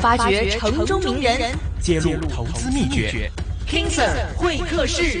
發掘城中名人，揭露投資秘訣。訣 KingSir 會客室。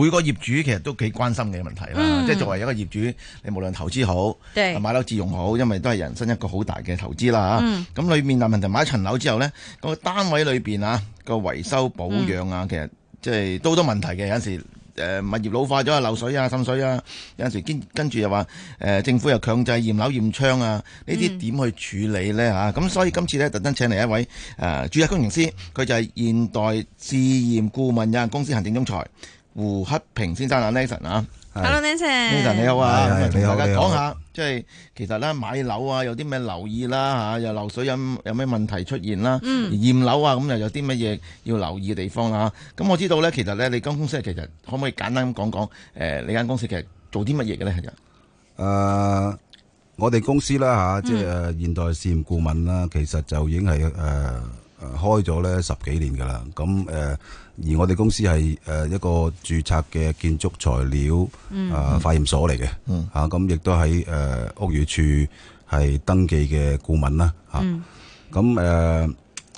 每個業主其實都幾關心嘅問題啦，嗯、即係作為一個業主，你無論投資好對買樓自用好，因為都係人生一個好大嘅投資啦咁裏、嗯、面嗱問題買一層樓之後呢，那個單位裏面啊、那個維修保養啊，其實即係都好多問題嘅。嗯、有陣時誒、呃、物業老化咗啊，漏水啊、滲水啊，有陣時跟住又話、呃、政府又強制驗樓驗窗啊，呢啲點去處理呢？咁、啊、所以今次呢，特登請嚟一位誒註冊工程師，佢就係現代試驗顧問有限公司行政總裁。胡克平先生啊，Nathan 啊，Hello 是 Nathan，Nathan 你好啊，同大家講好下，即係好、就是、其實咧買樓啊，有啲咩留意啦吓，又、啊、漏水有有咩問題出現啦，驗樓、嗯、啊咁又有啲乜嘢要留意嘅地方啦咁、啊啊、我知道咧，其實咧你間公司其實可唔可以簡單咁講講，誒、呃，你間公司其實做啲乜嘢嘅咧？其實，誒，我哋公司啦吓，啊嗯、即係現代試驗顧問啦，其實就已經係誒。呃開咗呢十幾年噶啦，咁、呃、誒，而我哋公司係誒一個註冊嘅建築材料啊化驗所嚟嘅，吓咁亦都喺誒屋宇署係登記嘅顧問啦，吓、呃，咁誒、嗯呃、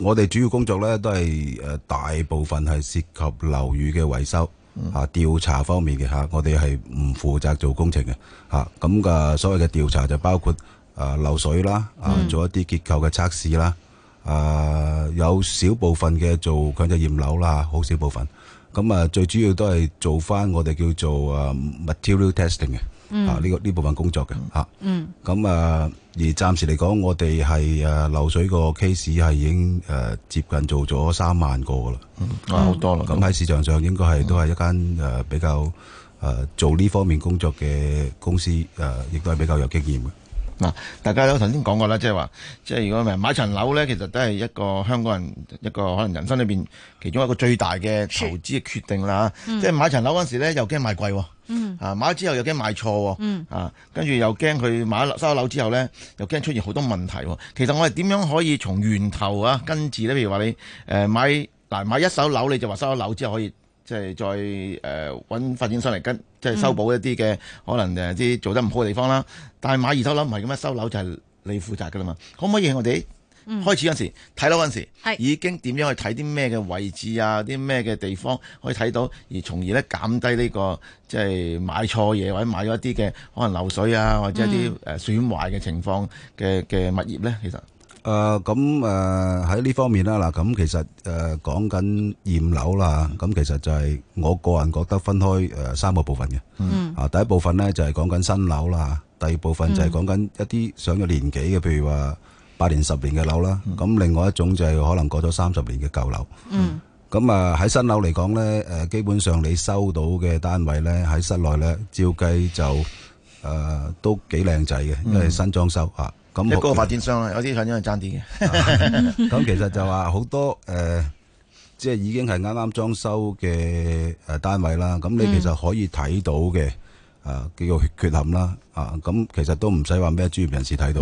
我哋主要工作呢都係誒大部分係涉及樓宇嘅維修吓調、呃、查方面嘅吓、呃，我哋係唔負責做工程嘅吓，咁、呃、嘅所謂嘅調查就包括誒漏、呃、水啦，啊、呃、做一啲結構嘅測試啦。啊，uh, 有少部分嘅做強制驗樓啦，好少部分。咁啊，最主要都係做翻我哋叫做、uh, material testing 嘅，嗯、啊呢個呢部分工作嘅嚇。嗯。咁啊，而暫時嚟講，我哋係誒漏水個 case 係已經誒接近做咗三萬個噶啦。好多啦。咁喺市場上應該係、嗯、都係一間誒、啊、比較誒、啊、做呢方面工作嘅公司誒，亦、啊、都係比較有經驗嘅。嗱，大家都頭先講過啦，即係話，即係如果係買層樓咧，其實都係一個香港人一個可能人生裏邊其中一個最大嘅投資嘅決定啦。即係買層樓嗰時咧，又驚賣貴，嗯啊，買咗之後又驚賣錯，嗯啊，跟住又驚佢買咗收咗樓之後咧，又驚出現好多問題。其實我哋點樣可以從源頭啊根治咧？譬如話你誒、呃、買嗱買一手樓，你就話收咗樓之後可以。即係再誒揾、呃、發展商嚟跟，即係修補一啲嘅、嗯、可能誒啲做得唔好嘅地方啦。但係買二手樓唔係咁樣，收樓就係你負責噶啦嘛。可唔可以我哋開始嗰時睇、嗯、樓嗰時，係是已經點樣去睇啲咩嘅位置啊？啲咩嘅地方可以睇到，而從而咧減低呢、這個即係、就是、買錯嘢，或者買咗一啲嘅可能漏水啊，或者一啲誒損壞嘅情況嘅嘅物業咧，其實。誒，咁誒喺呢方面啦，嗱，咁其實誒講緊驗樓啦，咁其實就係我個人覺得分開誒三個部分嘅。嗯。啊，第一部分咧就係講緊新樓啦，第二部分就係講緊一啲上咗年紀嘅，譬如話八年、十年嘅樓啦。嗯。咁另外一種就係可能過咗三十年嘅舊樓。嗯。咁啊喺新樓嚟講咧，誒基本上你收到嘅單位咧喺室內咧照計就誒都幾靚仔嘅，因為新裝修啊。咁嗰個發展商啦，有啲產品係爭啲嘅。咁其實就話好多誒，即係已經係啱啱裝修嘅單位啦。咁你其實可以睇到嘅誒幾個缺缺陷啦。啊，咁其實都唔使話咩專業人士睇到。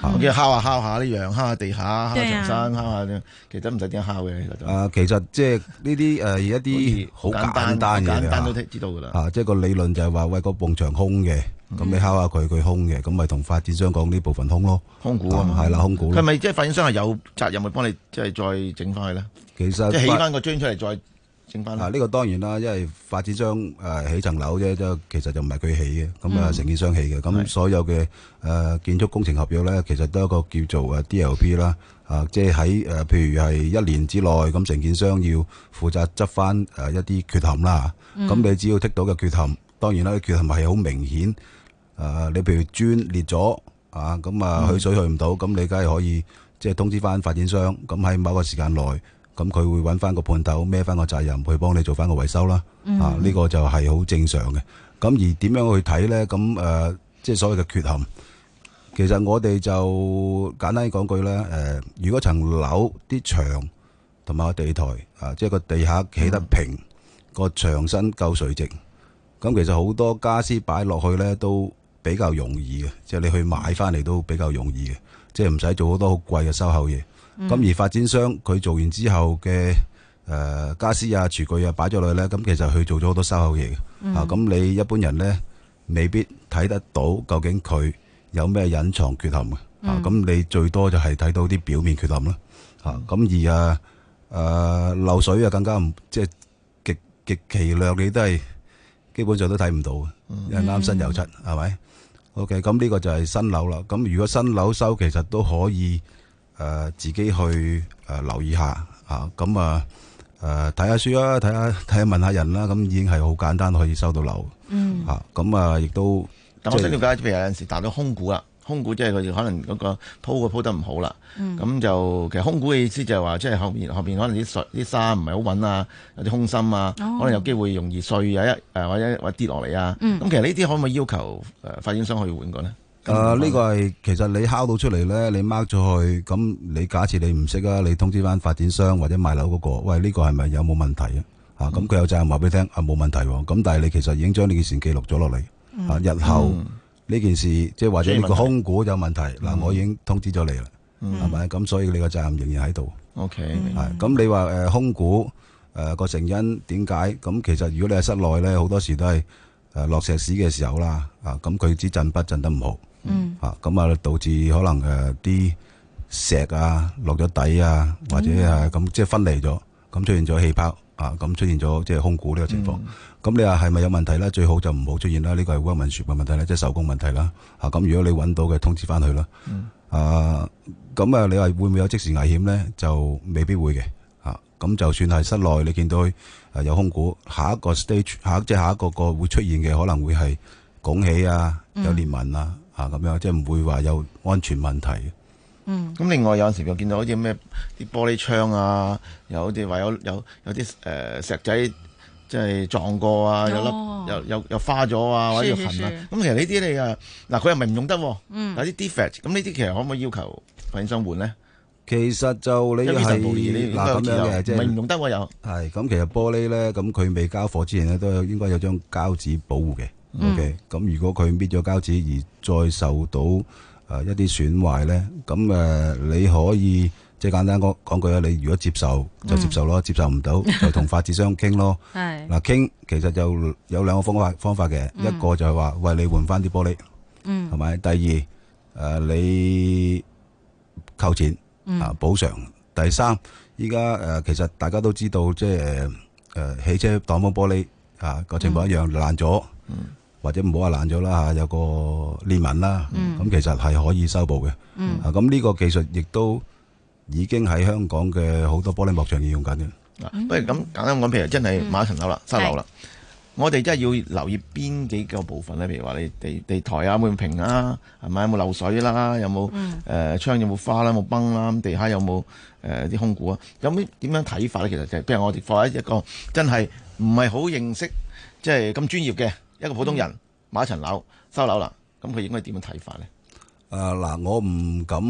啊，叫敲下敲下呢樣，敲下地下，敲下牆身，敲下咧，其實唔使點敲嘅。其實就啊，其實即係呢啲誒一啲好簡單嘅嚇，即係個理論就係話喂，個墻空嘅。咁你敲下佢佢空嘅，咁咪同發展商講呢部分空咯，空股係啦，空股。係咪即係發展商係有責任去幫你即係再整翻去咧？其實即係起翻個磚出嚟再整翻。啊，呢個當然啦，因為發展商誒起層樓啫，即其實就唔係佢起嘅，咁啊承建商起嘅。咁所有嘅誒建築工程合約咧，其實都有一個叫做誒 DLP 啦，啊，即係喺誒譬如係一年之內咁承建商要負責執翻誒一啲缺陷啦。咁你只要剔到嘅缺陷，當然啦，啲缺陷係好明顯。誒，你譬如磚裂咗啊，咁啊，去水去唔到，咁你梗係可以即係通知翻發展商，咁喺某個時間內，咁佢會搵翻個判頭孭翻個責任去幫你做翻個維修啦。啊，呢個就係好正常嘅。咁而點樣去睇呢？咁誒，即係所謂嘅缺陷，其實我哋就簡單講句呢，誒，如果層樓啲牆同埋個地台啊，即係個地下起得平，個牆身夠垂直，咁其實好多家私擺落去呢都，比較容易嘅，即係你去買翻嚟都比較容易嘅，即係唔使做好多好貴嘅收口嘢。咁而發展商佢做完之後嘅，誒傢俬啊、廚具啊擺咗落去咧，咁其實佢做咗好多收口嘢嘅。啊，咁你一般人咧未必睇得到究竟佢有咩隱藏缺陷嘅。啊，咁你最多就係睇到啲表面缺陷囉。啊，咁而啊誒漏水啊更加唔，即係極極其量，你都係基本上都睇唔到嘅，因為啱新油漆，係咪？OK，咁呢個就係新樓啦。咁如果新樓收，其實都可以誒、呃，自己去誒留意下吓。咁、呃呃、啊誒，睇下書啦睇下睇下問下人啦、啊。咁已經係好簡單可以收到樓。嗯。吓咁啊，亦都。但我想了解，譬、就是、如有陣時打咗空股啊。空鼓，即係佢可能嗰個鋪個鋪得唔好啦，咁、嗯、就其實空鼓嘅意思就係話，即係後面後邊可能啲石啲沙唔係好穩啊，有啲空心啊，哦、可能有機會容易碎啊，一誒或者或者跌落嚟啊。咁、嗯、其實呢啲可唔可以要求發展商去換過呢？誒、啊、呢、這個係其實你敲到出嚟咧，你 mark 咗去，咁你假設你唔識啊，你通知翻發展商或者賣樓嗰、那個，喂呢、這個係咪有冇問、嗯啊啊、問題啊？啊，咁佢有責任話俾你聽啊，冇問題，咁但係你其實已經將呢件事記錄咗落嚟啊，日後。嗯嗯呢件事即係或者你個空鼓有問題嗱，我已經通知咗你啦，係咪？咁所以你個責任仍然喺度。OK，係咁你話誒空鼓誒個成因點解？咁其實如果你喺室內咧，好多時都係誒落石屎嘅時候啦，啊咁佢支震筆震得唔好，啊咁啊導致可能誒啲石啊落咗底啊，或者係咁即係分離咗，咁出現咗氣泡，啊咁出現咗即係空鼓呢個情況。咁你話係咪有問題咧？最好就唔好出現啦。呢個係 workmanship 嘅問題咧，即係手工問題啦。啊，咁如果你揾到嘅通知翻去啦。啊，咁啊，你話會唔會有即時危險咧？就未必會嘅。啊，咁就算係室內，你見到有空鼓，下一個 stage，下個即係下一個個會出現嘅，可能會係拱起啊，有裂紋啊，嗯、啊咁樣，即係唔會話有安全問題。嗯。咁另外有陣時又見到好似咩啲玻璃窗啊，又好似話有有有啲誒、呃、石仔。即係撞過啊，有粒又又又花咗啊，或者痕啊，咁其實呢啲你啊，嗱佢又咪唔用得喎，有啲 defect，咁呢啲其實可唔可以要求維修換咧？其實就你係嗱咁樣嘅，即係唔用得喎又。係咁，其實玻璃咧，咁佢未交貨之前咧，都有應該有張膠紙保護嘅。O.K. 咁如果佢搣咗膠紙而再受到誒一啲損壞咧，咁誒你可以。即係簡單，我講句啦，你如果接受就接受咯，接受唔到就同法治商傾咯。係嗱，傾其實就有兩個方法方法嘅，一個就係話喂你換翻啲玻璃，嗯，係咪？第二誒你扣錢啊補償。第三，依家誒其實大家都知道，即係誒汽車擋風玻璃啊個情況一樣爛咗，嗯，或者唔好話爛咗啦嚇，有個裂紋啦，嗯，咁其實係可以修補嘅，嗯，啊咁呢個技術亦都。已經喺香港嘅好多玻璃幕牆要用緊嘅。不如咁簡單講，譬如真係買一層樓啦，收、嗯、樓啦，是我哋真係要留意邊幾個部分咧？譬如話你地地，地台啊，有，有冇平啊？係咪有冇漏水啦、啊？有冇誒、嗯呃、窗有冇花啦？有冇、啊、崩啦、啊？咁地下有冇誒啲空鼓啊？有咩點樣睇法咧？其實就係譬如我哋放喺一個真係唔係好認識，即係咁專業嘅一個普通人、嗯、買一層樓收樓啦，咁佢應該點樣睇法咧？啊嗱，我唔敢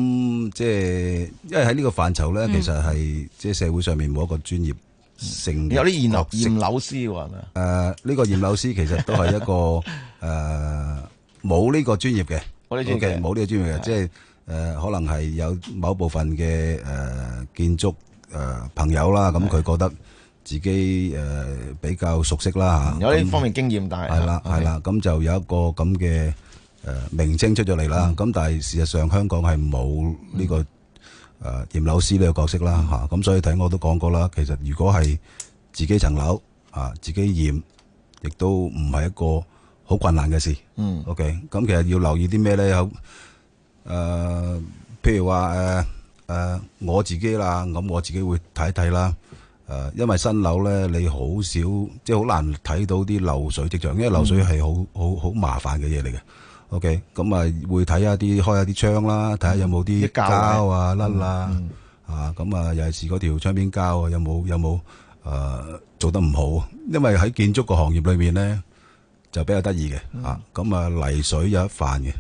即係，因為喺呢個範疇咧，其實係即係社會上面冇一個專業性。有啲驗樓驗樓師喎，係咪啊？誒，呢個驗樓師其實都係一個誒冇呢個專業嘅，冇呢個專業嘅，冇呢個專業嘅，即係誒可能係有某部分嘅誒建築誒朋友啦，咁佢覺得自己誒比較熟悉啦嚇。有呢方面經驗，但係係啦，係啦，咁就有一個咁嘅。誒名稱出咗嚟啦，咁但係事實上香港係冇呢個誒驗樓師呢個角色啦嚇咁、啊、所以睇我都講過啦，其實如果係自己層樓啊，自己驗，亦都唔係一個好困難嘅事。嗯，OK，咁、嗯、其實要留意啲咩咧？有、呃、譬如話誒、呃呃、我自己啦，咁我自己會睇一睇啦。誒、呃，因為新樓咧，你好少即係好難睇到啲漏水跡象，因為漏水係、嗯、好好好麻煩嘅嘢嚟嘅。O.K. 咁啊，會睇下啲開下啲窗啦，睇下有冇啲膠啊甩啦啊，咁啊尤其係嗰條窗邊膠啊，有冇有冇誒做得唔好？因為喺建築個行業裏面咧就比較得意嘅吓，咁啊泥水有一範嘅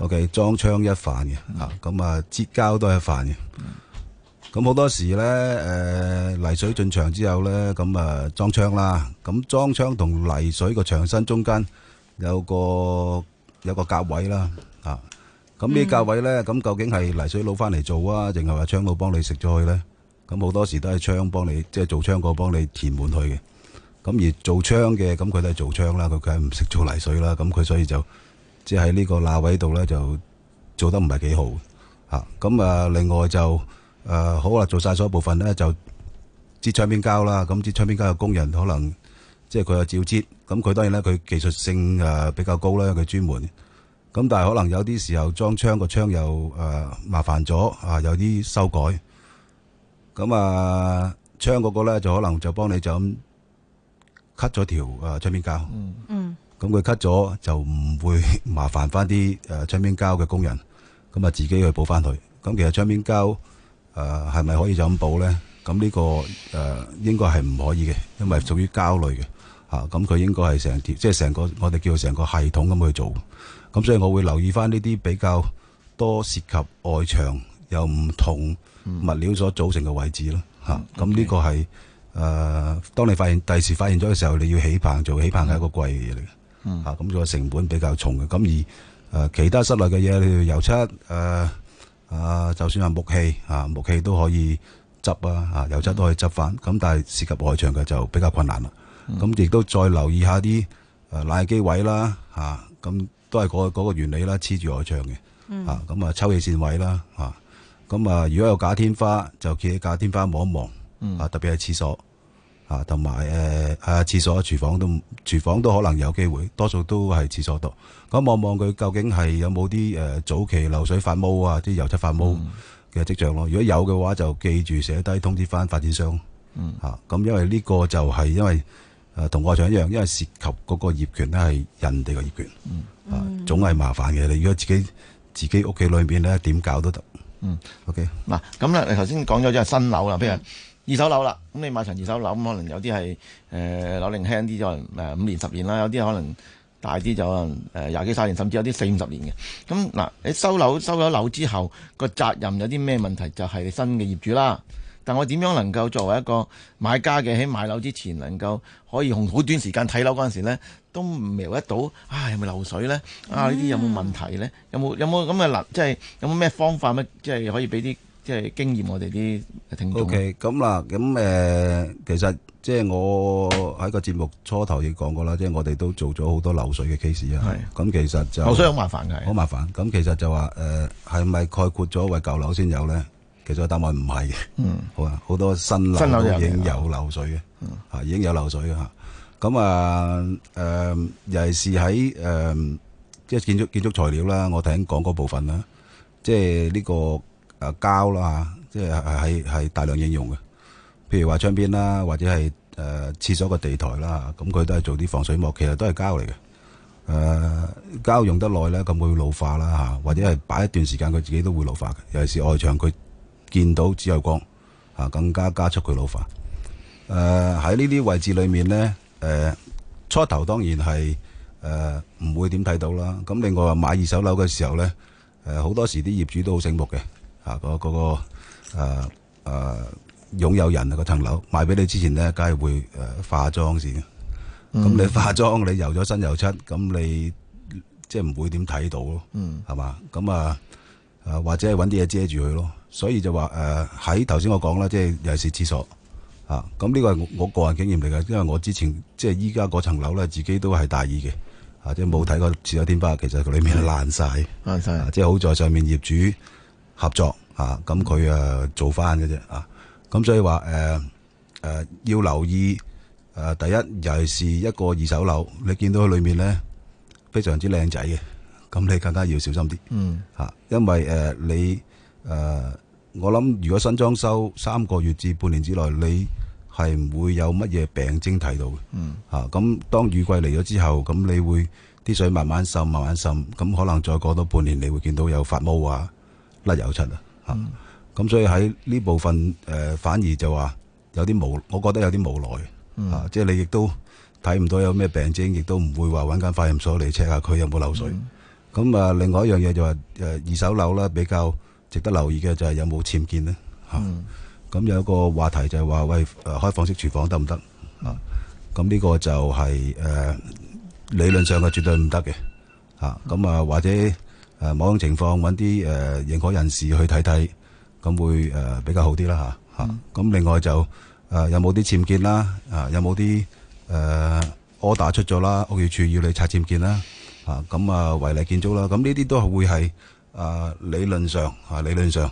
，O.K. 裝窗一範嘅吓，咁啊接膠都係一範嘅。咁好多時咧誒泥水進場之後咧，咁啊裝窗啦，咁裝窗同泥水個牆身中間有個。有個罅位啦，咁、啊、呢個罅位咧，咁究竟係泥水佬翻嚟做啊，定係話窗佬幫你食咗去咧？咁好多時都係窗幫你，即、就、係、是、做窗個幫你填滿去嘅。咁而做窗嘅，咁佢都係做窗啦，佢梗係唔識做泥水啦。咁佢所以就即係喺呢個罅位度咧，就做得唔係幾好。吓，咁啊，另外就誒、啊，好啦做晒所有部分咧，就支窗邊膠啦。咁支窗邊膠嘅工人可能。即係佢有照接，咁佢當然咧，佢技術性誒比較高啦，佢專門。咁但係可能有啲時候裝窗個窗又誒麻煩咗啊，有啲修改。咁啊，窗嗰個咧就可能就幫你就咁 cut 咗條誒窗邊膠。嗯嗯。咁佢 cut 咗就唔會麻煩翻啲誒窗邊膠嘅工人，咁啊自己去補翻佢。咁其實窗邊膠誒係咪可以就咁補咧？咁呢個誒應該係唔可以嘅，因為屬於膠類嘅。咁佢、啊、應該係成條即係成個我哋叫做成個系統咁去做。咁所以，我會留意翻呢啲比較多涉及外牆又唔同物料所組成嘅位置咯。咁呢、嗯啊、個係誒、呃，當你發現第時發現咗嘅時候，你要起棚做起棚係一個貴嘅嘢嚟嘅。咁所以成本比較重嘅。咁、啊、而誒、呃、其他室內嘅嘢，你油漆誒、呃、啊，就算係木器、啊、木器都可以執啊，嚇油漆都可以執翻。咁、嗯、但係涉及外牆嘅就比較困難啦。咁亦、嗯、都再留意下啲誒冷氣機位啦，嚇咁都係嗰嗰個原理啦，黐住外牆嘅，啊咁啊抽氣扇位啦，嚇咁啊如果有假天花，就企喺假天花望一望，啊、嗯、特別係廁所，啊同埋誒啊廁所、廚房都廚房都可能有機會，多數都係廁所度，咁望望佢究竟係有冇啲誒早期漏水發毛啊、啲、就是、油漆發毛嘅跡象咯，嗯、如果有嘅話，就記住寫低通知翻發展商，嚇咁、嗯、因為呢個就係因為。誒、啊、同我講一樣，因為涉及嗰個業權咧係人哋個業權，是業權啊總係麻煩嘅。你如果自己自己屋企裏面咧點搞都得。嗯，OK、啊。嗱咁咧，你頭先講咗即係新樓啦，譬、嗯、如二手樓啦，咁你買層二手樓，可能有啲係誒樓齡輕啲，就、呃、誒五年十年啦，有啲可能大啲就可能誒廿幾三十年，甚至有啲四五十年嘅。咁嗱、啊，你收樓收咗樓之後，個責任有啲咩問題，就係、是、你新嘅業主啦。但我點樣能夠作為一個買家嘅，喺買樓之前能夠可以用好短時間睇樓嗰陣時咧，都唔瞄得到，唉，有冇漏水咧？啊，呢啲有冇問題咧？有冇有冇咁嘅嗱，即係有冇咩方法乜，即係可以俾啲即係經驗我哋啲聽眾 OK，咁嗱，咁誒、okay，呃，其實即係我喺個節目初頭亦講過啦，即係我哋都做咗好多漏水嘅 case 啊的。係。咁其實就漏水好麻煩嘅。好麻煩。咁其實就話，誒，係、呃、咪概括咗為舊樓先有咧？其實答案唔係嘅，嗯，好啊，好多新樓都已經有漏水嘅，嚇，已經有漏水嘅嚇。咁啊，誒，尤其是喺誒，即係建築建築材料啦，我頭先講嗰部分啦，即係呢個誒膠啦嚇，即係係係大量應用嘅。譬如話窗邊啦，或者係誒廁所嘅地台啦，咁佢都係做啲防水膜，其實都係膠嚟嘅。誒，膠用得耐咧，咁佢會老化啦嚇，或者係擺一段時間，佢自己都會老化嘅。尤其是外牆佢。見到紫外光，更加加速佢老化。喺呢啲位置裏面咧、呃，初頭當然係唔、呃、會點睇到啦。咁另外買二手樓嘅時候咧，好、呃、多時啲業主都好醒目嘅。嗰、啊、個個、啊啊、擁有人嗰層樓賣俾你之前咧，梗係會化妝先。咁、嗯、你化妝，你油咗新油漆，咁你即係唔會點睇到咯。嗯，係嘛？咁啊～啊，或者係揾啲嘢遮住佢咯，所以就話誒，喺頭先我講啦，即係尤其是廁所啊。咁呢個係我個人經驗嚟嘅，因為我之前即係依家嗰層樓咧，自己都係大意嘅啊，即係冇睇過廁所天花，其實裏面爛晒，爛晒、啊，即係、啊、好在上面業主合作啊，咁佢啊做翻嘅啫啊，咁、啊、所以話誒誒要留意誒、啊，第一尤其是一個二手樓，你見到佢裏面咧非常之靚仔嘅。咁你更加要小心啲，嗯、因為、呃、你、呃、我諗如果新裝修三個月至半年之內，你係唔會有乜嘢病徵睇到嘅，咁、嗯啊、當雨季嚟咗之後，咁你會啲水慢慢滲、慢慢滲，咁可能再過多半年，你會見到有發毛啊、甩油漆啊，嚇、嗯。咁、啊、所以喺呢部分、呃、反而就話有啲無，我覺得有啲無奈。即係、嗯啊就是、你亦都睇唔到有咩病徵，亦都唔會話揾間化驗所嚟 check 下佢有冇漏水。嗯。咁啊，另外一樣嘢就係誒二手樓啦，比較值得留意嘅就係有冇僭建呢嚇。咁、嗯、有一個話題就係話喂，開放式廚房得唔得啊？咁呢、嗯、個就係、是、誒、呃、理論上係絕對唔得嘅嚇。咁啊，或者誒某種情況揾啲誒認可人士去睇睇，咁會誒、呃、比較好啲啦嚇嚇。咁、啊嗯、另外就誒、呃、有冇啲僭建啦？啊，有冇啲誒 order 出咗啦？屋宇署要你拆僭建啦？啊，咁啊，違例建築啦，咁呢啲都係會係，啊，理論上，啊，理論上，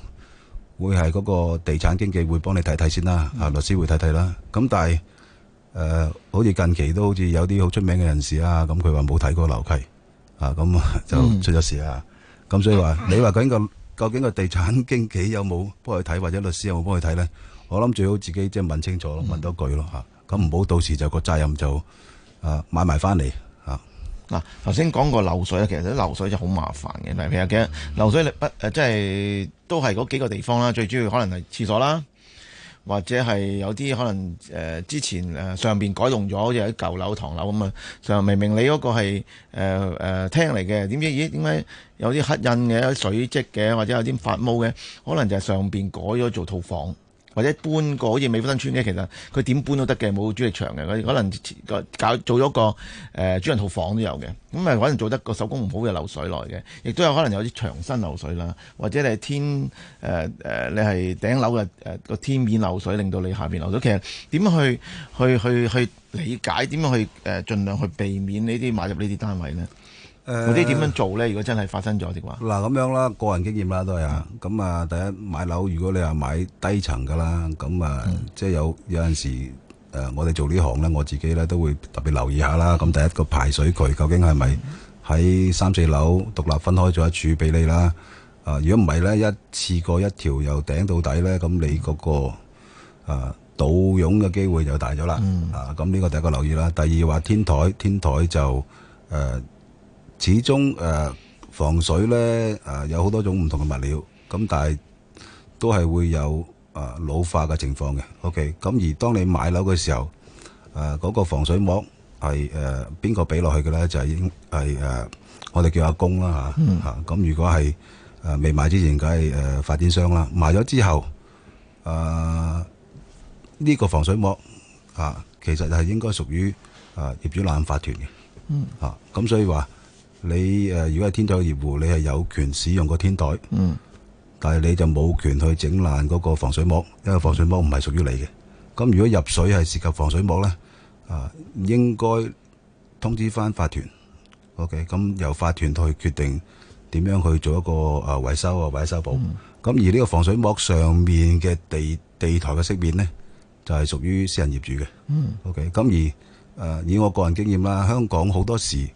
會係嗰個地產經紀會幫你睇睇先啦，啊，律師會睇睇啦，咁但係，誒，好似近期都好似有啲好出名嘅人士啊，咁佢話冇睇過樓契，啊，咁啊就出咗事啊，咁所以話，你話緊個，究竟個地產經紀有冇幫佢睇，或者律師有冇幫佢睇呢？我諗最好自己即係問清楚咯，問多句咯，吓，咁唔好到時就個責任就，啊，買埋翻嚟。嗱，頭先講過漏水啦，其實啲漏水就好麻煩嘅。例如啊，漏水不誒，即係都係嗰幾個地方啦。最主要可能係廁所啦，或者係有啲可能誒、呃、之前、呃、上面改動咗，好似喺舊樓、唐樓咁啊。上明明你嗰個係誒誒廳嚟嘅，點知咦點解有啲黑印嘅、有水漬嘅，或者有啲發毛嘅？可能就係上面改咗做套房。或者搬過好似美孚新村嘅，其實佢點搬都得嘅，冇主力牆嘅，佢可能搞做咗個誒、呃、主人套房都有嘅，咁啊可能做得個手工唔好嘅，漏水來嘅，亦都有可能有啲牆身漏水啦，或者你係天誒誒、呃、你係頂樓嘅誒個天面漏水，令到你下面漏水。其實點樣去去去去理解，點樣去誒、呃、盡量去避免呢啲買入呢啲單位呢？嗰啲點樣做呢？如果真係發生咗嘅話，嗱咁樣啦，個人經驗啦都係啊。咁、嗯、啊，第一買樓，如果你話買低層㗎啦，咁啊，嗯、即係有有陣時誒、呃，我哋做呢行呢，我自己呢，都會特別留意下啦。咁第一個排水渠究竟係咪喺三四樓獨立分開咗一處俾你啦？啊、呃，如果唔係呢，一次過一條又頂到底呢，咁你嗰、嗰個啊倒湧嘅機會就大咗啦。嗯、啊，咁呢個第一個留意啦。第二話天台，天台就誒、呃始終誒、呃、防水咧誒、呃、有好多種唔同嘅物料，咁但係都係會有誒、呃、老化嘅情況嘅。O K，咁而當你買樓嘅時候，誒、呃、嗰、那個防水膜係誒邊個俾落去嘅咧？就係應係誒我哋叫阿公啦嚇嚇。咁、嗯啊、如果係誒未買之前，梗係誒發展商啦。買咗之後，誒、呃、呢、這個防水膜啊，其實係應該屬於誒業主立案法團嘅。嗯咁、啊、所以話。你誒，如果係天台業戶，你係有權使用個天台，但係你就冇權去整爛嗰個防水膜，因為防水膜唔係屬於你嘅。咁如果入水係涉及防水膜呢，啊，應該通知翻法團，OK？咁由法團去決定點樣去做一個誒維修啊維修補。咁而呢個防水膜上面嘅地地台嘅飾面呢，就係屬於私人業主嘅。OK？咁而誒，以我個人經驗啦，香港好多時。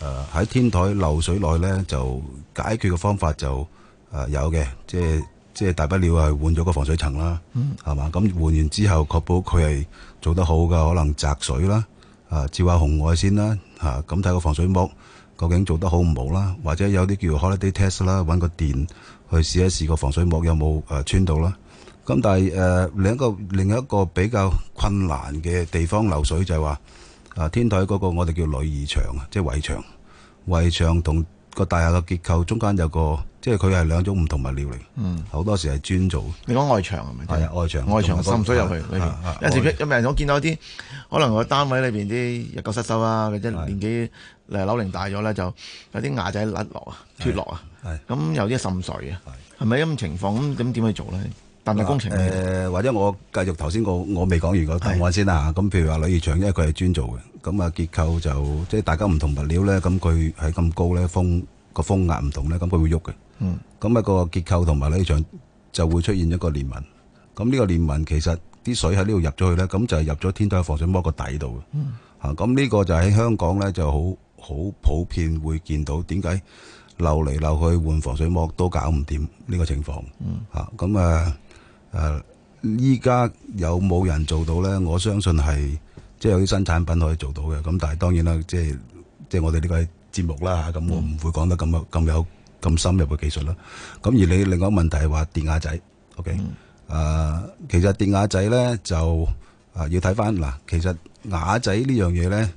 誒喺天台漏水內呢，就解決嘅方法就誒有嘅，即係即係大不了係換咗個防水層啦，係嘛？咁換完之後，確保佢係做得好㗎，可能擲水啦，啊，照下紅外線啦，嚇咁睇個防水膜究竟做得好唔好啦，或者有啲叫 holiday test 啦，揾個電去試一試個防水膜有冇誒穿到啦。咁但係誒另一個另一個比較困難嘅地方漏水就係話。啊！天台嗰個我哋叫女兒牆啊，即係圍牆，圍牆同個大廈嘅結構中間有個，即係佢係兩種唔同物料嚟，好多時係磚做。你講外牆係咪？係啊，外牆，外牆滲水入去裏面，有時有啲人我見到啲可能個單位裏面啲日久失修啊，或者年紀誒樓齡大咗呢，就有啲瓦仔甩落啊、脫落啊，咁有啲滲水啊，係咪咁情況？咁點去做咧？誒或者我繼續頭先我我未講完個答案先啊，咁譬如話，女兒牆因為佢係專做嘅，咁啊結構就即係大家唔同物料咧，咁佢喺咁高咧，風個風壓唔同咧，咁佢會喐嘅。嗯，咁啊個結構同埋女兒牆就會出現一個裂紋。咁呢個裂紋其實啲水喺呢度入咗去咧，咁就係入咗天台防水膜個底度。嗯，嚇咁呢個就喺香港咧就好好普遍會見到。點解漏嚟漏去換防水膜都搞唔掂呢個情況？嗯，嚇咁啊～誒，依家、呃、有冇人做到咧？我相信係，即係有啲新產品可以做到嘅。咁但係當然啦，即係即係我哋呢個節目啦，咁我唔會講得咁咁、嗯、有咁深入嘅技術啦。咁而你另外一個問題係話電瓦仔，OK？誒、嗯呃，其實電瓦仔咧就誒、呃、要睇翻嗱，其實瓦仔呢樣嘢咧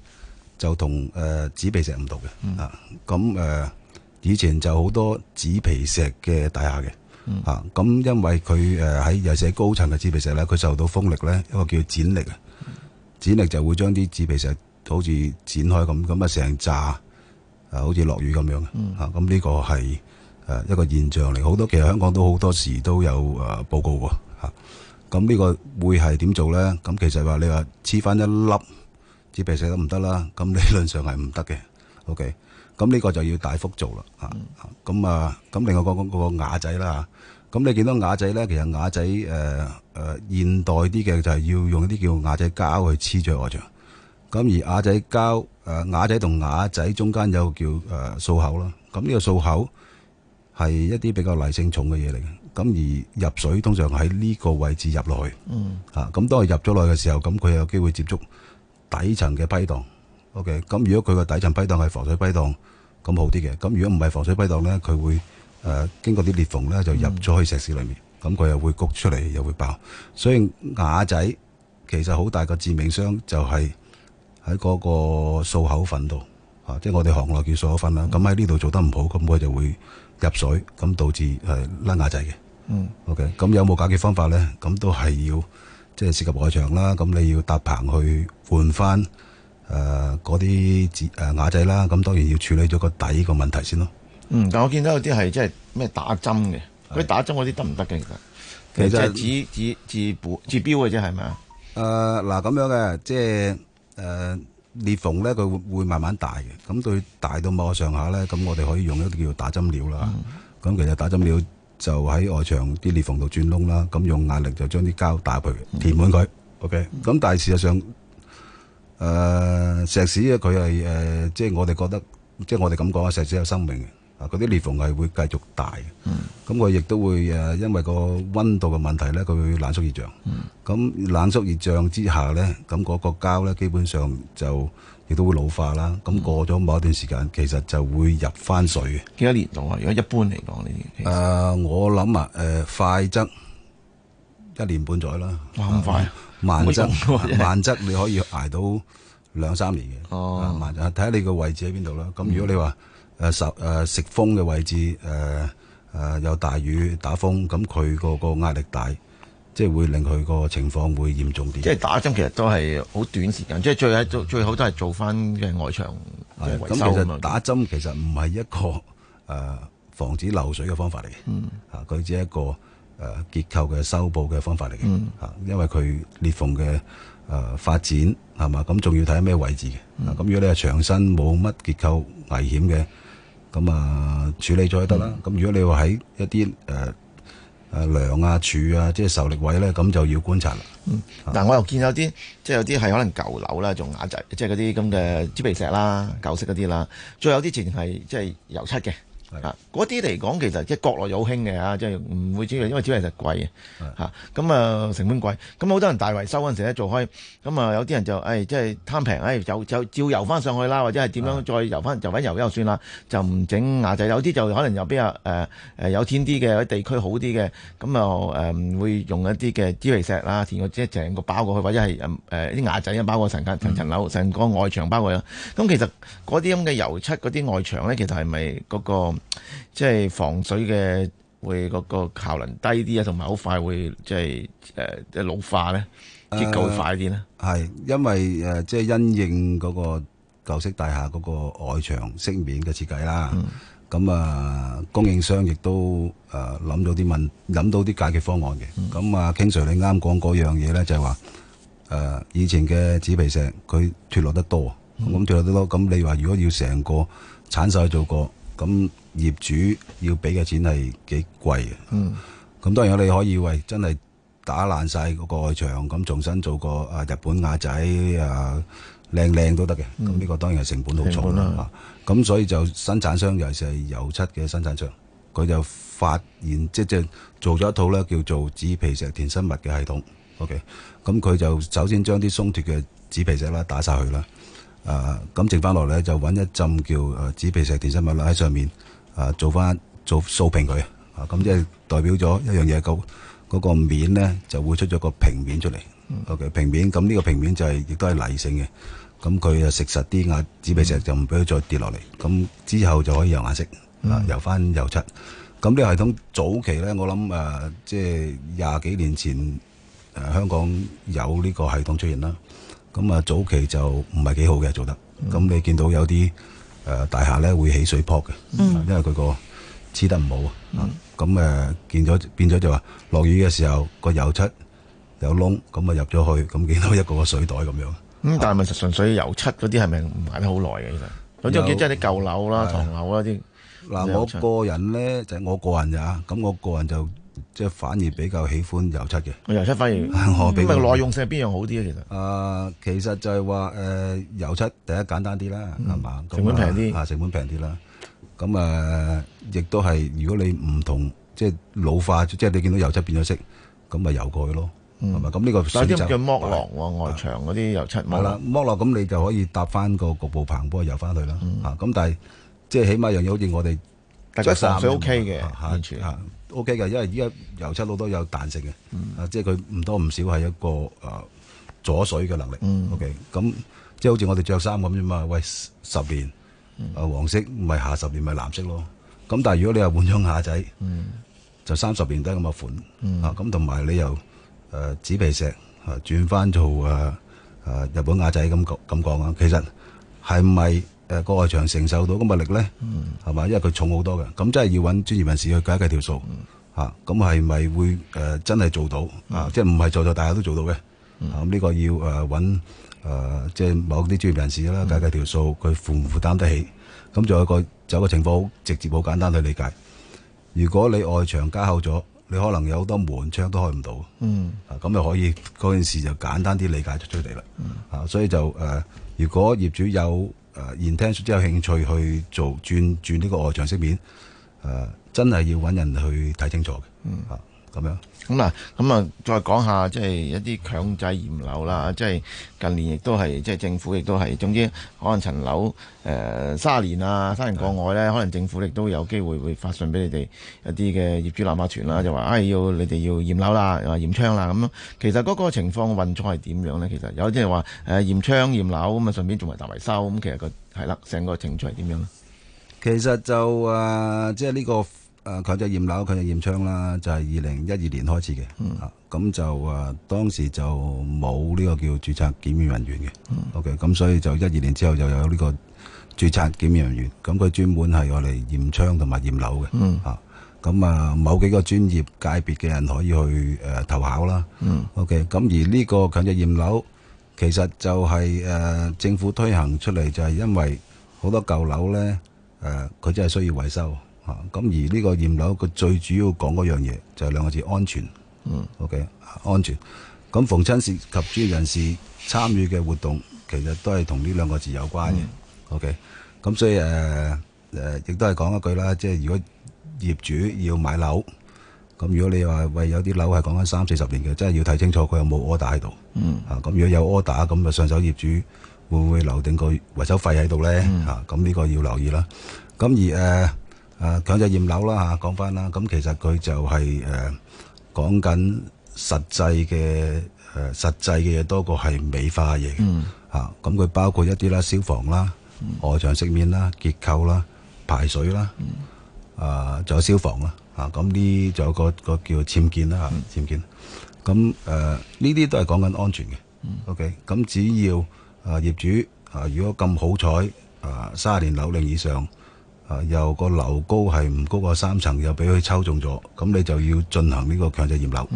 就同誒、呃、紙皮石唔同嘅、嗯、啊。咁、呃、誒以前就好多紙皮石嘅大廈嘅。吓咁，因為佢誒喺又寫高層嘅紙皮石咧，佢受到風力咧，一個叫剪力啊，剪力就會將啲紙皮石好似剪開咁，咁啊成扎誒，好似落雨咁樣嘅吓，咁呢個係誒一個現象嚟，好多其實香港都好多時都有誒報告喎吓，咁呢個會係點做咧？咁其實話你話黐翻一粒紙皮石都唔得啦，咁理論上係唔得嘅，OK。咁呢個就要大幅做啦嚇，咁啊，咁另外講講嗰個瓦仔啦嚇，咁你見到瓦仔咧，其實瓦仔誒誒現代啲嘅就係要用一啲叫瓦仔膠去黐住外牆，咁而瓦仔膠誒瓦仔同瓦仔中間有個叫誒掃口咯，咁呢個掃口係一啲比較泥性重嘅嘢嚟嘅，咁而入水通常喺呢個位置入落去，嚇，咁當係入咗落去嘅時候，咁佢有機會接觸底層嘅批盪。OK，咁如果佢個底層批盪係防水批盪，咁好啲嘅。咁如果唔係防水批盪呢，佢會誒經過啲裂縫呢，就入咗去石屎裏面。咁佢又會焗出嚟，又會爆。所以瓦仔其實好大個致命傷，就係喺嗰個掃口粉度啊，即係我哋行內叫掃口粉啦。咁喺呢度做得唔好，咁佢就會入水，咁導致誒甩瓦仔嘅。嗯。OK，咁有冇解決方法呢？咁都係要即係涉及外牆啦。咁你要搭棚去換翻。誒，嗰啲治誒瓦仔啦，咁當然要處理咗個底個問題先咯。嗯，但我見到有啲係即係咩打針嘅，嗰啲的打針嗰啲得唔得嘅？其實其實治指指治標嘅啫，係咪啊？誒、呃，嗱咁樣嘅，即係誒、呃、裂縫咧，佢會會慢慢大嘅。咁對大到某個上下咧，咁我哋可以用一個叫做打針料啦。咁、嗯、其實打針料就喺外牆啲裂縫度鑽窿啦，咁用壓力就將啲膠打去填滿佢。嗯、OK，咁但係事實上。誒，石屎咧，佢係誒，即係我哋覺得，即係我哋咁講啊，石屎有生命嘅，啊，嗰啲裂縫係會繼續大嘅，咁佢亦都會誒，因為個温度嘅問題咧，佢會冷縮熱脹，咁冷縮熱脹之下咧，咁嗰個膠咧，基本上就亦都會老化啦，咁過咗某一段時間，其實就會入翻水嘅。幾多年度啊？如果一般嚟講呢啲？誒，我諗啊，誒，快則一年半載啦。哇，咁快！萬則萬則你可以捱到兩三年嘅哦，萬睇下你個位置喺邊度啦。咁如果你話、嗯呃、食風嘅位置誒誒有大雨打風，咁佢個個壓力大，即係會令佢個情況會嚴重啲。即係打針其實都係好短時間，嗯、即係最最好都係做翻嘅外牆。咁、嗯、其實打針其實唔係一個誒防止漏水嘅方法嚟嘅。嗯啊，佢只係一個。呃誒，結構嘅修補嘅方法嚟嘅，吓、嗯，因為佢裂縫嘅誒發展係嘛，咁仲要睇咩位置嘅，咁、嗯啊、如果你係牆身冇乜結構危險嘅，咁啊處理咗就得啦。咁、嗯啊、如果你話喺一啲誒誒梁啊柱啊，即係受力位咧，咁就要觀察啦。嗱、嗯，但我又見有啲，啊、即係有啲係可能舊樓啦，仲瓦仔，即係嗰啲咁嘅紙皮石啦，舊的式嗰啲啦，再的有啲前係即係油漆嘅。啊，嗰啲嚟講其實即係國內有興嘅嚇，即係唔會，主要因為紙皮石貴嘅嚇，咁的啊、呃、成本貴，咁、啊、好多人大維修嗰陣時咧做開，咁啊有啲人就誒即係貪平，誒、哎、就就照油翻上去啦，或者係點樣再油翻，油翻油又算啦，就唔整牙仔，有啲就可能又比較啊誒誒有天啲嘅地區好啲嘅，咁啊誒會用一啲嘅紙皮石啦，填個即係成個包過去，或者係誒啲牙仔一包個層格層層樓，成個外牆包過去啦。咁、嗯、其實嗰啲咁嘅油漆嗰啲外牆咧，其實係咪嗰個？即係防水嘅會嗰個效能低啲啊，同埋好快會即係誒老化咧，結構會快啲咧？係、呃、因為誒、呃、即係因應嗰個舊式大廈嗰個外牆飾面嘅設計啦，咁啊、嗯嗯、供應商亦都誒諗咗啲問諗到啲解決方案嘅。咁啊 King、嗯、Sir 你啱講嗰樣嘢咧，就係話誒以前嘅紙皮石佢脫落得多，咁脫、嗯、落得多，咁你話如果要成個鏟晒做過咁，業主要俾嘅錢係幾貴嘅，咁、嗯、當然你可以喂真係打爛晒個外牆，咁重新做個、啊、日本瓦仔誒、啊、靚靚都得嘅。咁呢、嗯、個當然係成本好重啦。咁、啊啊、所以就生產商尤其是係油漆嘅生產商，佢就發現即係做咗一套咧，叫做紙皮石填生物嘅系統。OK，咁佢就首先將啲鬆脱嘅紙皮石啦打晒佢啦，咁、啊、剩翻落嚟就揾一浸叫紙皮石填生物啦喺上面。啊，做翻做掃平佢啊，咁即係代表咗一樣嘢，個嗰個面咧就會出咗個平面出嚟。OK，平面咁呢個平面就係亦都係泥性嘅。咁佢啊食實啲眼紙皮石就唔俾佢再跌落嚟。咁之後就可以油顏色啊，油翻油漆。咁呢個系統早期咧，我諗誒，即係廿幾年前誒香港有呢個系統出現啦。咁啊，早期就唔係幾好嘅做得。咁你見到有啲。誒、呃、大廈咧會起水泡嘅，因為佢個黐得唔好、嗯、啊，咁誒見咗變咗就話落雨嘅時候個油漆有窿，咁啊入咗去，咁見到一個個水袋咁樣。咁、嗯、但係咪純粹油漆嗰啲係咪唔買得好耐嘅其實？有即係啲舊樓啦、唐我樓啦啲。嗱的，我個人咧就係、是、我個人嚇，咁我個人就。即係反而比較喜歡油漆嘅，油漆反而，咁咪耐用性邊樣好啲啊？其實，啊，其實就係話，誒，油漆第一簡單啲啦，係嘛，成本平啲，啊，成本平啲啦，咁啊，亦都係，如果你唔同，即係老化，即係你見到油漆變咗色，咁咪油過去咯，係咪？咁呢個選啲叫剝落喎，外牆嗰啲油漆，係啦，剝落咁你就可以搭翻個局部棚波，油翻去啦，咁但係即係起碼一樣嘢，好似我哋。着衫都 OK 嘅，安全嚇 OK 嘅，前因為依家油漆佬都有彈性嘅，啊、嗯、即係佢唔多唔少係一個誒、呃、阻水嘅能力。嗯、OK，咁即係好似我哋着衫咁啫嘛。喂，十年啊、嗯呃、黃色，咪下十年咪藍色咯。咁但係如果你又換咗亞仔，嗯、就三十年都係咁嘅款、嗯、啊。咁同埋你由誒紙皮石啊，轉翻做誒誒、啊啊、日本亞仔咁咁講啊。其實係咪？誒，個外牆承受到嘅物力咧，係嘛？因為佢重好多嘅，咁真係要揾專業人士去計計條數嚇。咁係咪會誒真係做到啊？即係唔係在在大家都做到嘅？啊，咁呢個要誒揾誒即係某啲專業人士啦，計計條數，佢負唔負擔得起？咁仲有個就個情況好直接、好簡單去理解。如果你外牆加厚咗，你可能有好多門窗都開唔到。嗯。啊，咁就可以嗰件事就簡單啲理解出出嚟啦。啊，所以就誒，如果業主有。誒，認聽即係有興趣去做轉轉呢個外牆飾面，誒、啊，真係要揾人去睇清楚嘅。嗯啊。嗯咁樣，咁嗱，咁啊，再講下即係一啲強制驗樓啦，即係近年亦都係，即係政府亦都係，總之可能層樓誒卅年啊，卅年過外咧，可能政府亦都有機會會發信俾你哋一啲嘅業主立案法團啦，就話誒、哎、要你哋要驗樓啦，又驗窗啦咁其實嗰個情況運作係點樣咧？其實有啲人話驗窗驗樓咁啊，順便做埋大維修咁，其實個係啦，成個程序係點樣咧？其實就誒，即係呢個。誒，強制驗樓，強制驗窗啦，就係二零一二年開始嘅，咁就誒當時就冇呢個叫註冊檢驗人員嘅，OK，咁所以就一二年之後就有呢個註冊檢驗人員，咁佢專門係用嚟驗窗同埋驗樓嘅，啊，咁啊某幾個專業界別嘅人可以去誒投考啦，OK，咁而呢個強制驗樓，其實就係誒政府推行出嚟就係因為好多舊樓咧，誒佢真係需要維修。咁而呢個驗樓，佢最主要講嗰樣嘢就係兩個字安全。嗯。O.K. 安全。咁逢親涉及專業人士參與嘅活動，其實都係同呢兩個字有關嘅。嗯、O.K. 咁所以誒、呃呃、亦都係講一句啦，即係如果業主要買樓，咁如果你話喂有啲樓係講緊三四十年嘅，真係要睇清楚佢有冇 order 喺度。嗯。咁、啊、如果有 order，咁咪上手業主會唔會留定個維修費喺度咧？嗯、啊！咁、這、呢個要留意啦。咁而誒。呃誒，強、啊、制驗樓啦吓，講翻啦。咁、啊、其實佢就係誒講緊實際嘅誒實際嘅嘢多過係美化嘢。吓、嗯，咁佢、啊、包括一啲啦，消防啦、嗯、外牆飾面啦、結構啦、排水啦，誒、嗯，仲、啊、有消防啦。吓、啊，咁呢仲有個個叫僭建啦吓，僭、嗯、建。咁誒呢啲都係講緊安全嘅。OK，咁只要誒、啊、業主啊，如果咁好彩，誒三十年樓齡以上。啊！又個樓高係唔高過三層，又俾佢抽中咗，咁你就要進行呢個強制驗樓。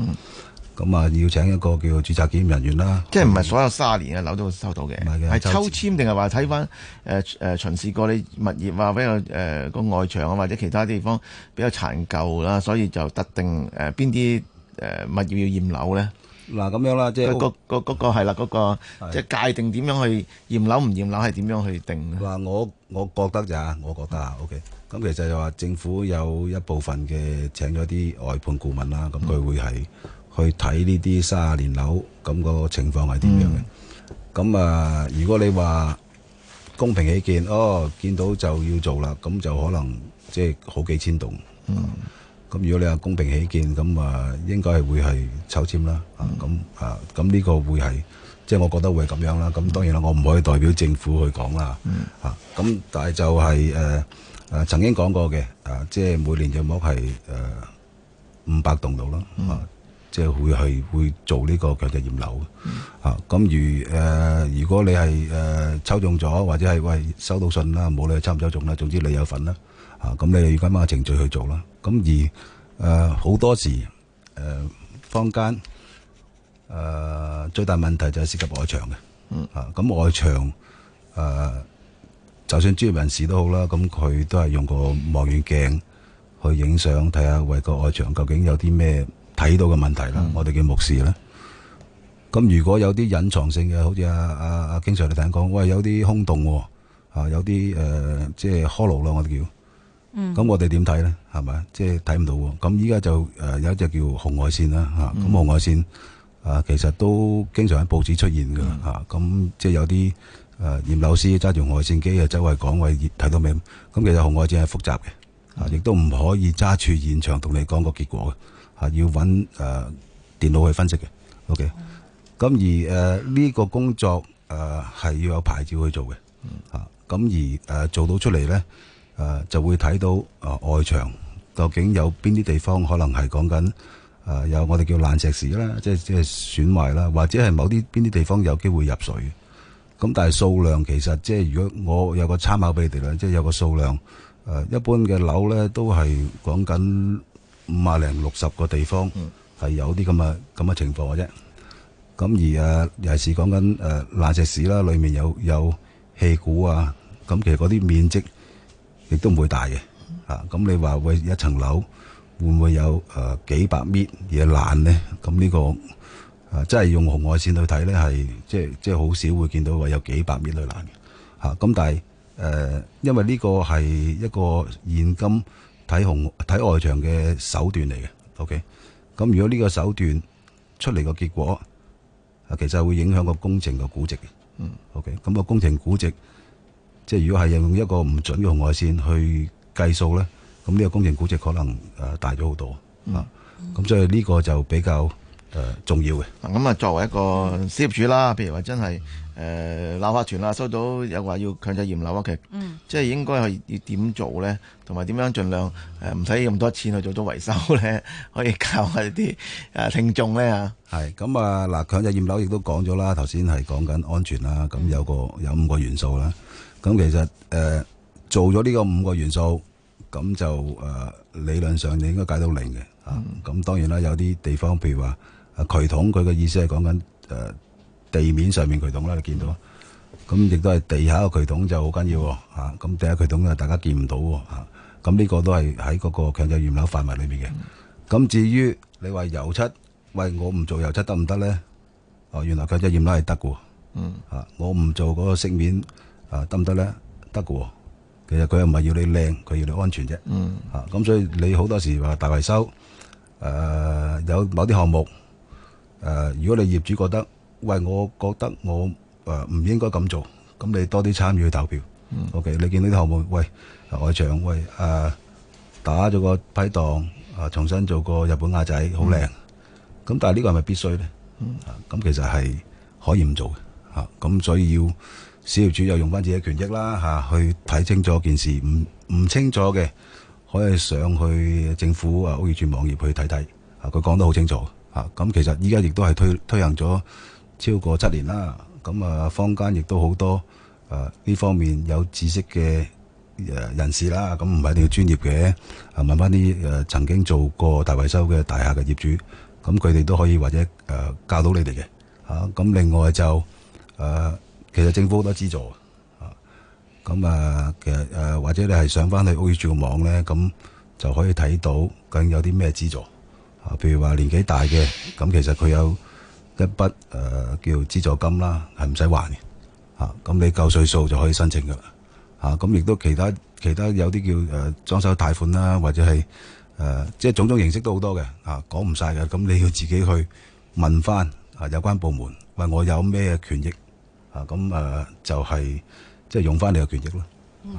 咁啊、嗯，要請一個叫註冊檢驗人員啦。嗯、以即係唔係所有卅年嘅樓都收到嘅？係抽籤定係話睇翻？誒誒、呃呃，巡視過你物業啊，比較誒個外牆啊，或者其他地方比較殘舊啦，所以就特定誒邊啲誒物業要驗樓咧？嗱咁樣啦，即係個個嗰個係啦，嗰個即係界定點樣去驗樓唔驗樓係點樣去定？嗱，我我覺得咋，我覺得啊，OK。咁其實就話政府有一部分嘅請咗啲外判顧問啦，咁佢會係去睇呢啲卅年樓咁個情況係點樣嘅。咁啊，如果你話公平起見，哦，見到就要做啦，咁就可能即係好幾千棟。咁如果你係公平起見，咁啊應該係會係抽籤啦。咁、嗯、啊，咁呢個會係即係我覺得會係咁樣啦。咁當然啦，我唔可以代表政府去講啦。咁、嗯啊，但係就係、是、誒、呃呃、曾經講過嘅，啊即係每年嘅屋係誒五百棟到啦。嗯即係會係會做呢個強制驗樓嘅，嗯、啊咁如誒、呃，如果你係誒、呃、抽中咗，或者係喂收到信啦，冇理你抽唔抽中啦，總之你有份啦，啊咁你要跟翻個程序去做啦。咁、啊、而誒好、呃、多時誒、呃、坊間誒、呃、最大問題就係涉及外牆嘅，啊咁、啊、外牆誒、呃、就算專業人士都好啦，咁、啊、佢都係用個望遠鏡去影相睇下，看看為個外牆究竟有啲咩？睇到嘅問題啦，我哋叫目視啦。咁如果有啲隱藏性嘅，好似阿阿阿經常你聽講，喂，有啲空洞喎，啊有啲誒即係開路啦，我哋叫。嗯。咁我哋點睇咧？係咪即係睇唔到？咁依家就誒有一隻叫紅外線啦嚇。嗯。咁紅外線啊，其實都經常喺報紙出現嘅嚇。咁即係有啲誒驗樓師揸住紅外線機啊，周圍講喂，睇到未咁？其實紅外線係複雜嘅啊，亦都唔可以揸住現場同你講個結果嘅。啊，要揾誒電腦去分析嘅，OK。咁而誒呢個工作誒係要有牌照去做嘅，啊，咁而誒做到出嚟咧，誒就會睇到誒外牆究竟有邊啲地方可能係講緊誒有我哋叫爛石屎啦，即係即係損壞啦，或者係某啲邊啲地方有機會入水。咁但係數量其實即係如果我有個參考俾你哋，即係有個數量誒，一般嘅樓咧都係講緊。五啊零六十個地方係有啲咁嘅咁嘅情況嘅啫，咁而誒尤其是講緊誒爛石屎啦，裡面有有氣鼓啊，咁其實嗰啲面積亦都唔會大嘅，啊，咁你話會一層樓會唔會有誒幾百呎嘢爛咧？咁呢個啊真係用紅外線去睇咧，係即係即係好少會見到話有幾百呎去爛嘅，嚇。咁但係誒，因為呢個係一個現今。睇紅睇外牆嘅手段嚟嘅，OK，咁如果呢個手段出嚟個結果，啊，其實會影響個工程嘅估值嘅，嗯，OK，咁個工程估值，即係如果係用一個唔準嘅紅外線去計數咧，咁呢個工程估值可能誒大咗好多，啊，咁所以呢個就比較誒重要嘅。咁啊，作為一個業主啦，譬如話真係。誒、呃、鬧法團啦，收到有話要強制驗樓啊，其、嗯、即係應該係要點做咧，同埋點樣盡量唔使、呃、用咁多錢去做咗維修咧，可以教下啲誒聽眾咧嚇。係咁啊嗱，強制驗樓亦都講咗啦，頭先係講緊安全啦，咁有個、嗯、有五個元素啦。咁其實誒、呃、做咗呢個五個元素，咁就誒、呃、理論上你應該解到零嘅。咁、嗯啊、當然啦，有啲地方譬如話、啊、渠統，佢嘅意思係講緊誒。呃地面上面渠筒啦，你見到，咁亦都係地下嘅渠筒就好緊要，吓咁地下渠筒啊，大家見唔到，吓咁呢個都係喺嗰個強制驗樓範圍裏邊嘅。咁至於你話油漆，喂，我唔做油漆得唔得咧？哦，原來強制驗樓係得㗎，啊，我唔做嗰個飾面啊，得唔得咧？得㗎，其實佢又唔係要你靚，佢要你安全啫，吓咁所以你好多時話大維修，誒，有某啲項目，誒，如果你業主覺得，喂，我覺得我誒唔應該咁做，咁你多啲參與去投票。O K，你見呢啲項目，喂，外長，喂，誒，打咗個批檔，誒，重新做個日本亞仔，好靚。咁但係呢個係咪必須呢？咁其實係可以唔做嘅。嚇，咁所以要小業主又用翻自己權益啦，嚇，去睇清楚件事。唔唔清楚嘅，可以上去政府誒屋宇署網頁去睇睇。啊，佢講得好清楚。嚇，咁其實依家亦都係推推行咗。超過七年啦，咁啊，坊間亦都好多呢方面有知識嘅人士啦，咁唔係一定要專業嘅，啊問翻啲曾經做過大維修嘅大廈嘅業主，咁佢哋都可以或者誒教到你哋嘅，咁另外就誒其實政府好多資助啊，咁啊其實或者你係上翻去屋宇署網咧，咁就可以睇到究竟有啲咩資助啊，譬如話年紀大嘅，咁其實佢有。一筆誒叫資助金啦，係唔使還嘅嚇。咁你夠歲數就可以申請噶啦嚇。咁亦都其他其他有啲叫誒裝修貸款啦，或者係誒即係種種形式都好多嘅嚇，講唔晒嘅。咁你要自己去問翻啊有關部門，喂我有咩權益啊？咁誒就係即係用翻你嘅權益咯。嗯。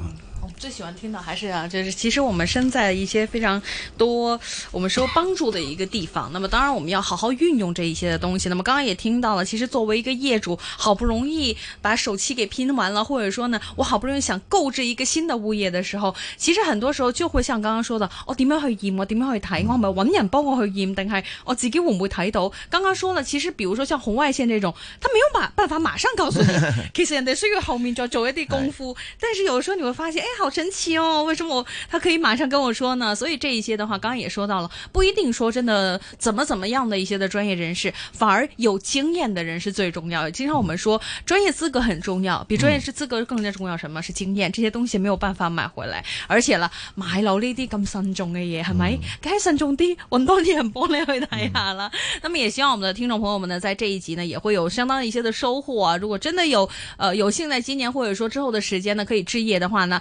最喜歡聽的還是啊，就是其實我們身在一些非常多我們說幫助的一個地方。那麼當然我們要好好運用這一些的東西。那麼剛剛也聽到了，其實作為一個業主，好不容易把首期給拼完了，或者說呢，我好不容易想購置一個新的物業的時候，其實很多時候就會像剛剛說的，我點樣去驗，我點樣去睇，我們搵人幫我去驗，但係我自己會唔會睇到？剛剛說了，其實比如說像紅外線這種，他沒有馬辦法馬上告訴你。其實人哋需要後面再做一啲功夫。哎、但是有的時候你會發現，哎好。好神奇哦，為什麼我他可以馬上跟我說呢？所以這一些的話，剛剛也說到了，不一定說真的怎麼怎麼樣的一些的專業人士，反而有經驗的人是最重要的。經常我們說、嗯、專業資格很重要，比專業是資格更加重要。什麼是經驗？這些東西沒有辦法買回來。而且啦，買樓呢啲咁慎重嘅嘢，係咪？梗係慎重啲，揾多啲人幫你去睇下啦。那麼也希望我們的聽眾朋友們呢，在這一集呢，也會有相當一些的收穫啊。如果真的有呃有幸在今年或者說之後的時間呢，可以置業的話呢，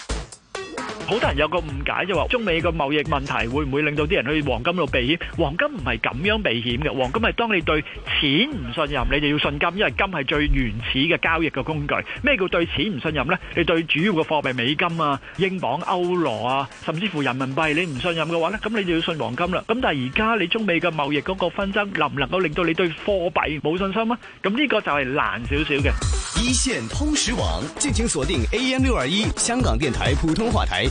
好多人有個誤解，就話中美嘅貿易問題會唔會令到啲人去黃金度避險？黃金唔係咁樣避險嘅，黃金係當你對錢唔信任，你就要信金，因為金係最原始嘅交易嘅工具。咩叫對錢唔信任呢？你對主要嘅貨幣美金啊、英鎊、歐羅啊，甚至乎人民幣你唔信任嘅話呢，咁你就要信黃金啦。咁但係而家你中美嘅貿易嗰個紛爭能唔能夠令到你對貨幣冇信心啊？咁呢個就係難少少嘅。一綫通識網，敬請鎖定 AM 六二一香港電台普通話台。